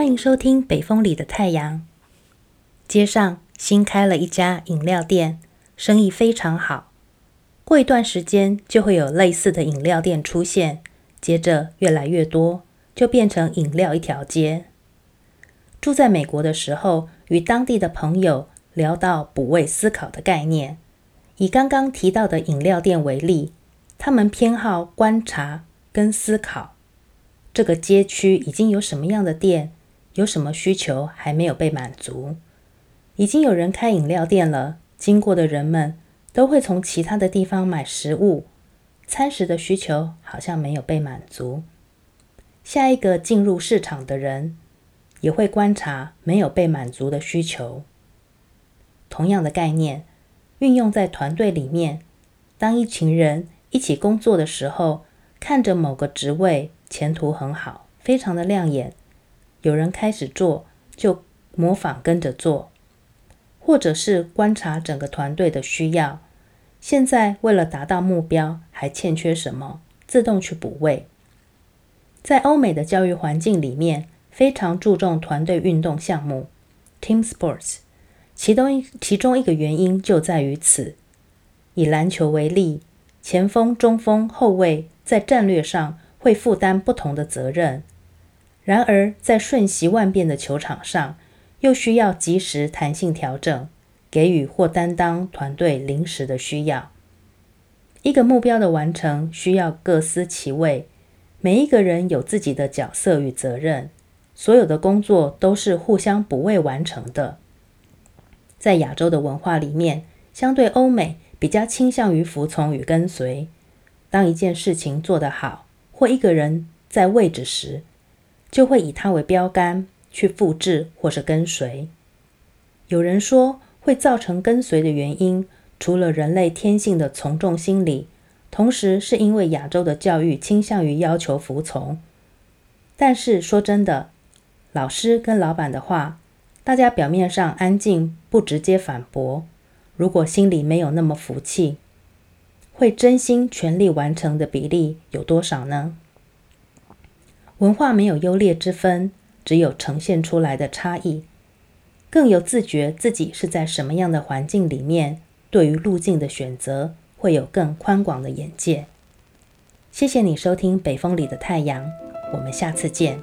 歡迎收聽《北風裡的太陽》。街上新開了一家飲料店，生意非常好。過一段時間就會有類似的飲料店出現，接着越來越多，就變成飲料一條街。住在美國的時候，與當地的朋友聊到“補位思考”的概念。以剛剛提到的飲料店為例，他們偏好觀察跟思考。這個街區已經有什麼樣的店？有什麼需求還沒有被滿足？已經有人開飲料店了，經過的人們都會從其他的地方買食物，餐食的需求好像沒有被滿足。下一個進入市場的人也會觀察沒有被滿足的需求。同樣的概念運用在團隊裡面，當一群人一起工作的時候，看着某個職位前途很好，非常的亮眼。有人開始做，就模仿跟着做，或者是觀察整個團隊的需要。現在為了達到目標，還欠缺什麼，自動去補位。在歐美的教育環境裡面，非常注重團隊運動項目 （team sports），其中一其中一個原因就在於此。以籃球為例，前鋒、中鋒、後衛在戰略上會負擔不同的責任。然而，在瞬息萬變的球場上，又需要即時彈性調整，給予或擔當團隊臨時的需要。一個目標的完成，需要各司其位，每一個人有自己的角色與責任，所有的工作都是互相補位完成的。在亞洲的文化裡面，相對歐美比較傾向於服從與跟隨，當一件事情做得好，或一個人在上位時，就會以它為標杆去複製或是跟隨。有人說會造成跟隨的原因，除了人類天性的從眾心理，同時是因為亞洲的教育傾向於要求服從。但是說真的，老師跟老闆的話，大家表面上安靜不直接反駁，如果心裡沒有那麼服氣，會真心全力完成的比例有多少呢？文化沒有優劣之分，只有呈現出來的差異。更有自覺自己是在什麼樣的環境裡面，對於路徑的選擇會有更寬廣的眼界。謝謝你收聽《北風裡的太陽》，我們下次見。